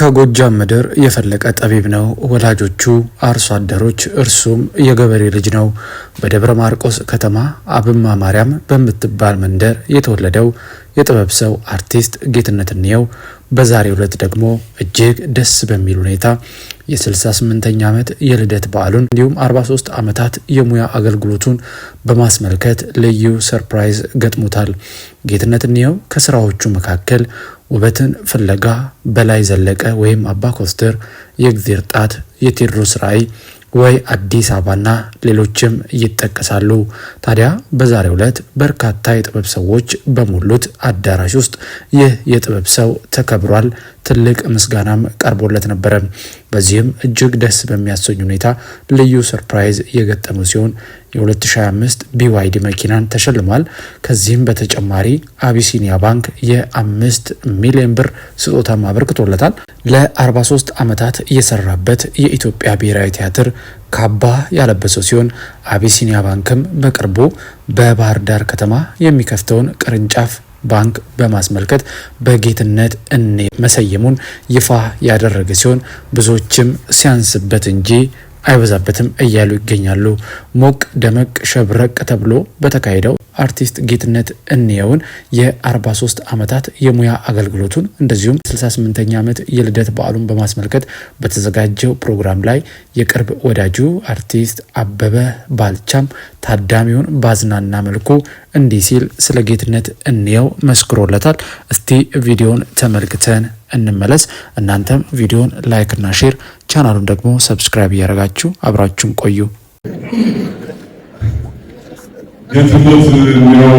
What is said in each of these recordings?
ከጎጃም ምድር የፈለቀ ጠቢብ ነው። ወላጆቹ አርሶ አደሮች፣ እርሱም የገበሬ ልጅ ነው። በደብረ ማርቆስ ከተማ አብማ ማርያም በምትባል መንደር የተወለደው የጥበብ ሰው አርቲስት ጌትነት እንየው በዛሬው ዕለት ደግሞ እጅግ ደስ በሚል ሁኔታ የ 68 ዓመት የልደት በዓሉን እንዲሁም 43 ዓመታት የሙያ አገልግሎቱን በማስመልከት ልዩ ሰርፕራይዝ ገጥሞታል። ጌትነት እንየው ከስራዎቹ መካከል ውበትን ፍለጋ፣ በላይ ዘለቀ ወይም አባ ኮስተር፣ የእግዜር ጣት፣ የቴዎድሮስ ራእይ ወይ አዲስ አበባና ሌሎችም ይጠቀሳሉ። ታዲያ በዛሬው ዕለት በርካታ የጥበብ ሰዎች በሞሉት አዳራሽ ውስጥ ይህ የጥበብ ሰው ተከብሯል። ትልቅ ምስጋናም ቀርቦለት ነበረ። በዚህም እጅግ ደስ በሚያሰኝ ሁኔታ ልዩ ሰርፕራይዝ የገጠሙ ሲሆን የ2025 ቢዋይዲ መኪናን ተሸልሟል። ከዚህም በተጨማሪ አቢሲኒያ ባንክ የ5 ሚሊዮን ብር ስጦታ አበርክቶለታል። ለ43 ዓመታት እየሰራበት የኢትዮጵያ ብሔራዊ ቲያትር ካባ ያለበሰው ሲሆን አቢሲኒያ ባንክም በቅርቡ በባህር ዳር ከተማ የሚከፍተውን ቅርንጫፍ ባንክ በማስመልከት በጌትነት እኔ መሰየሙን ይፋ ያደረገ ሲሆን ብዙዎችም ሲያንስበት እንጂ አይበዛበትም እያሉ ይገኛሉ። ሞቅ ደመቅ ሸብረቅ ተብሎ በተካሄደው አርቲስት ጌትነት እንየውን የ43 ዓመታት የሙያ አገልግሎቱን እንደዚሁም 68ኛ ዓመት የልደት በዓሉን በማስመልከት በተዘጋጀው ፕሮግራም ላይ የቅርብ ወዳጁ አርቲስት አበበ ባልቻም ታዳሚውን ባዝናና መልኩ እንዲህ ሲል ስለ ጌትነት እንየው መስክሮለታል። እስቲ ቪዲዮን ተመልክተን እንመለስ። እናንተም ቪዲዮን እና ሼር ቻናሉን ደግሞ ሰብስክራይብ እያደረጋችሁ አብራችሁን ቆዩ። የትምህርት ሙያው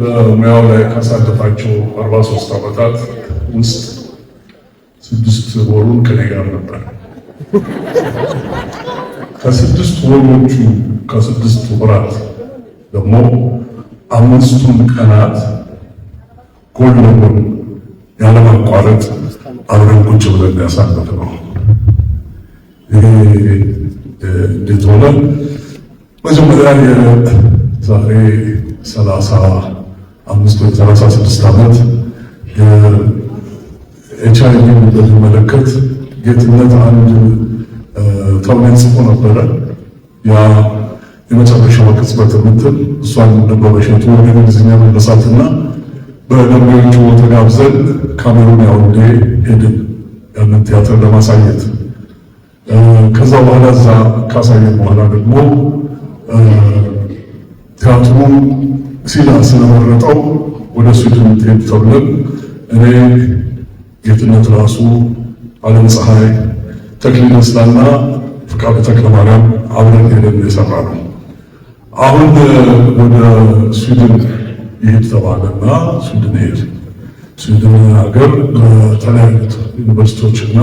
በሙያው ላይ ካሳለፋቸው አርባ ሶስት ዓመታት ውስጥ ስድስት ወሩን ከኔ ጋር ነበር። ከስድስት ወሮቹ ከስድስት ወራት ደግሞ አምስቱን ቀናት ጎን ለጎን ያለማቋረጥ አብረን ቁጭ ብለን ያሳለፍ ነው። ይሄ እንዴት ሆነ? መጀመሪያ የዛሬ ሰላሳ አምስት ወይ ሰላሳ ስድስት ዓመት ኤች አይ ቪ በሚመለከት ጌትነት አንድ ተውኔት ጽፎ ነበረ። ያ የመጨረሻው ቅጽበት የምትል እሷን ደበበሸቱ ወደ እንግሊዝኛ መነሳትና በደንበኞቹ ተጋብዘን ካሜሩን ያውንዴ ሄድን ያንን ቲያትር ለማሳየት። ከዛ በኋላ እዛ ካሳየን በኋላ ደግሞ ቲያትሩ ሲላ ስለመረጠው ወደ ስዊድን ትሄድ ተብለን እኔ ጌትነት ራሱ፣ አለም ፀሐይ፣ ተክሊል መስላና ፍቃደ ተክለ ማርያም አብረን ሄደን የሰራ ነው። አሁን ወደ ስዊድን ይሄድ ተባለና ስዊድን ሄድ። ስዊድን ሀገር ለተለያዩት ዩኒቨርሲቲዎችና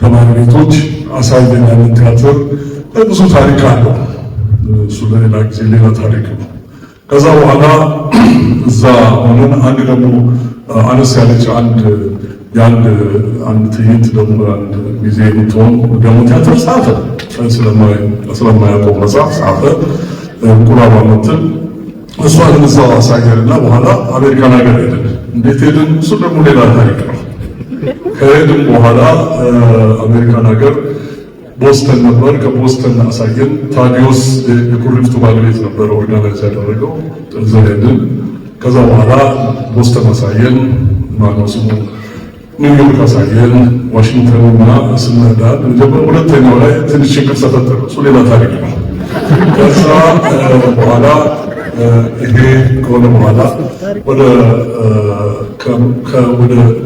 ተማሪ ቤቶች አሳየን። ቲያትር ብዙ ታሪክ አለው። እሱ ለሌላ ጊዜ ሌላ ታሪክ ነው። ከዛ በኋላ እዛ ሆነን አንድ ደግሞ አነስ ያለች አንድ የአንድ አንድ ትዕይንት ደግሞ አንድ ጊዜ የምትሆን ደግሞ ቲያትር ጻፈ። ስለማያውቀው መጽሐፍ ጻፈ። እንቁላል ምትል እሷን እዛው አሳየንና በኋላ አሜሪካን ሀገር ሄድን። እንዴት ሄድን? እሱ ደግሞ ሌላ ታሪክ ነው። ከሄድን በኋላ አሜሪካን ሀገር ቦስተን ነበር። ከቦስተን አሳየን። ታዲዮስ የኩሪፍቱ ባለቤት ነበረ ኦርጋናይዝ ያደረገው። እዛ ሄድን። ከዛ በኋላ ቦስተን አሳየን። ማነው ስሙ ኒውዮርክ አሳየን፣ ዋሽንግተን እና ስነዳን ጀምሮ ሁለተኛው ላይ ትንሽ ችግር ተፈጠረ። እሱ ሌላ ታሪክ ነው። ከዛ በኋላ ይሄ ከሆነ በኋላ ወደ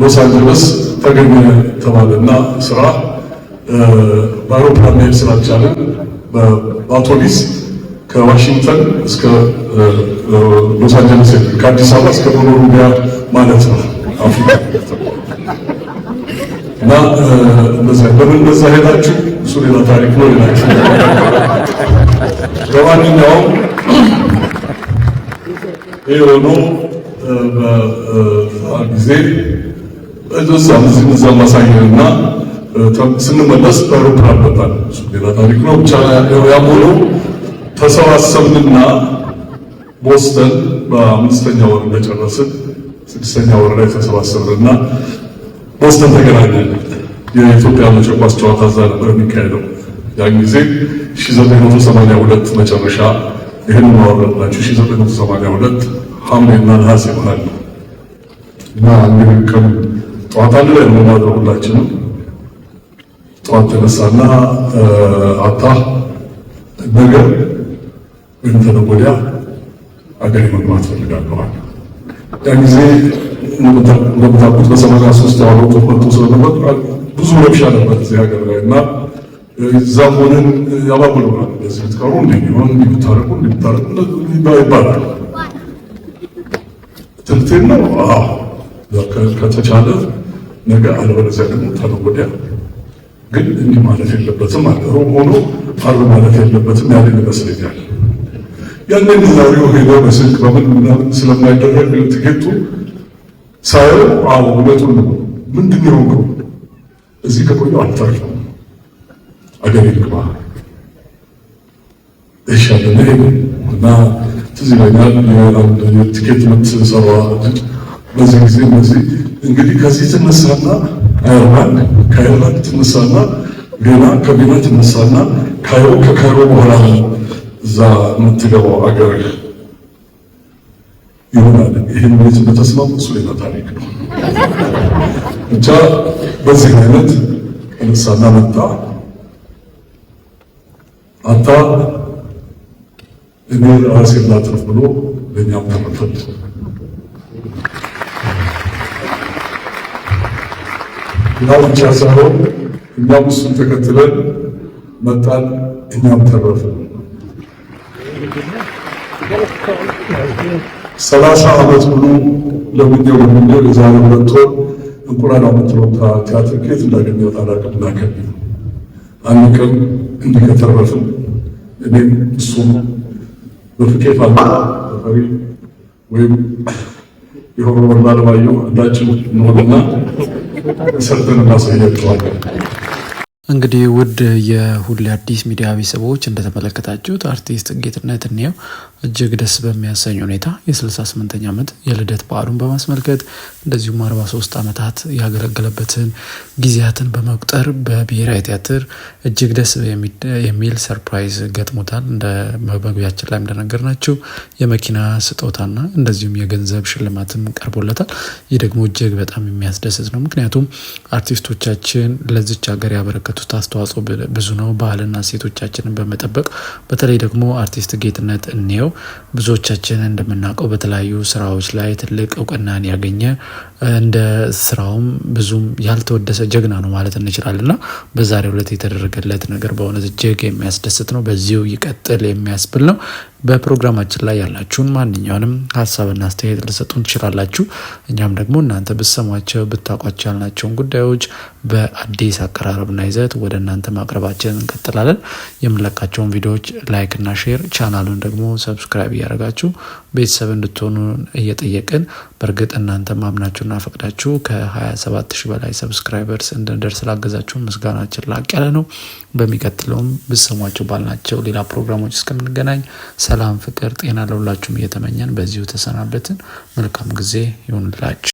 ሎስ አንጀለስ ተገኘ ተባለና ስራ በአውሮፕላን መሄድ ስላልቻለን በአውቶቢስ ከዋሽንግተን እስከ ሎስ አንጀለስ ከአዲስ አበባ እስከ ኮሎምቢያ ማለት ነው እና በምን በዛ ሄዳችሁ እሱ ሌላ ታሪክ ነው ይላችሁ። ለማንኛውም ይህ ሆኖ ጊዜ እዛም እዚህም እዛም ማሳየንና ስንመለስ በአውሮፕላን መጣን። ሌላ ታሪክ ነው። ብቻ ያም ሆኖ ተሰባሰብንና ቦስተን በአምስተኛ ወር እንደጨረስን ስድስተኛ ወር ላይ ተሰባሰብንና ቦስተን ተገናኘን። የኢትዮጵያ መቼ ኳስ ጨዋታ እዛ ነበር የሚካሄደው ያን ጊዜ 1982 መጨረሻ ይህን ማወረድናቸው ሺህ ዘጠኝ መቶ ሰማንያ ሁለት ሐምሌና ነሐሴ መሀል ነው እና እንግዲህ ቀን ጠዋት አንድ ላይ የምናድረው ሁላችንም ጠዋት ተነሳና አታ ነገ ወይም ወዲያ አገሬ መግባት ፈልጋለዋል። ያን ጊዜ እንደምታውቁት በሰማንያ ሶስት አውሮቶች መጥቶ ስለነበር ብዙ ረብሻ ነበር እዚህ ሀገር ላይ እና እዛም ሆነን ያባብሉናል። እንደዚህ ብትቀሩ እንደሚሆን እንዲህ ብታረቁ እንዲህ ብታረቁ ይባላል። ትምክህት ነው። አዎ ከተቻለ ነገ፣ አለበለዚያ ደግሞ ተነገ ወዲያ። ግን እንዲህ ማለት የለበትም አለ ሮም ሆኖ አርብ ማለት የለበትም ያለ ይመስለኛል። ያንን ዛሬው ሄደ በስልክ በምን ምናምን ስለማይደረግ ትኬቱ ሳየው አዎ እውነቱን ነው። ምንድን ነው እዚህ ከቆየሁ አልተርፍም አገሬ ልግባ ይሻለ እና ትዝ ይለኛል የቲኬት የምትሰራ በዚህ ጊዜ እነዚህ እንግዲህ ከዚህ ትነሳና አየርላንድ ከአየርላንድ ትነሳና ሌላ ከቢና ትነሳና ካይሮ ከካይሮ በኋላ እዛ የምትገባው አገር ይሆናል። ይህን ቤት በተስማሙ እሱ ሌላ ታሪክ ነው። ብቻ በዚህ አይነት እነሳና መጣ አታ እኔ ራሴን ላትርፍ ብሎ ለእኛም ተመልፈል እና ብቻ ሳይሆን እኛም እሱን ተከትለን መጣን፣ እኛም ተረፈ። ሰላሳ ዓመት ሙሉ ለምኜው ለምኜው የዛሬ ሁለት ወር እንቁላል አመት ቲያትር እንዳገኘ እንዳገኘሁት አላውቅም። አንድ ቀን እንዲተረፍም እኔም እሱም ወይም የሆነ አንዳችን እንሆንና ሰርተን እናሳያቸዋለን። እንግዲህ ውድ የሁሌ አዲስ ሚዲያ ቤተሰቦች እንደተመለከታችሁት አርቲስት ጌትነት እንየው እጅግ ደስ በሚያሰኝ ሁኔታ የ68ኛ ዓመት የልደት በዓሉን በማስመልከት እንደዚሁም 43 ዓመታት ያገለገለበትን ጊዜያትን በመቁጠር በብሔራዊ ቲያትር እጅግ ደስ የሚል ሰርፕራይዝ ገጥሞታል። እንደ መግቢያችን ላይ ናቸው የመኪና ስጦታና እንደዚሁም የገንዘብ ሽልማትም ቀርቦለታል። ይህ ደግሞ እጅግ በጣም የሚያስደስት ነው። ምክንያቱም አርቲስቶቻችን ለዚች ሀገር ያበረከቱት አስተዋጽኦ ብዙ ነው። ባህልና ሴቶቻችንን በመጠበቅ በተለይ ደግሞ አርቲስት ጌትነት እንየው ብዙዎቻችን እንደምናውቀው በተለያዩ ስራዎች ላይ ትልቅ እውቅናን ያገኘ እንደ ስራውም ብዙም ያልተወደሰ ጀግና ነው ማለት እንችላለን እና በዛሬው ዕለት የተደረገለት ነገር በእውነት እጅግ የሚያስደስት ነው። በዚሁ ይቀጥል የሚያስብል ነው። በፕሮግራማችን ላይ ያላችሁን ማንኛውንም ሀሳብና አስተያየት ልሰጡን ትችላላችሁ። እኛም ደግሞ እናንተ ብትሰሟቸው ብታውቋቸው ያልናቸውን ጉዳዮች በአዲስ አቀራረብና ይዘት ወደ እናንተ ማቅረባችን እንቀጥላለን። የምንለቃቸውን ቪዲዮዎች ላይክ እና ሼር፣ ቻናሉን ደግሞ ሰብስክራይብ እያደረጋችሁ ቤተሰብ እንድትሆኑ እየጠየቅን በእርግጥ እናንተ ማምናችሁና ፈቅዳችሁ ከ27 ሺህ በላይ ሰብስክራይበርስ እንድንደርስ ላገዛችሁ ምስጋናችን ላቅ ያለ ነው። በሚቀጥለውም ብትሰሟቸው ባልናቸው ሌላ ፕሮግራሞች እስከምንገናኝ ሰላም፣ ፍቅር፣ ጤና ለሁላችሁም እየተመኘን በዚሁ ተሰናበትን። መልካም ጊዜ ይሁንላችሁ።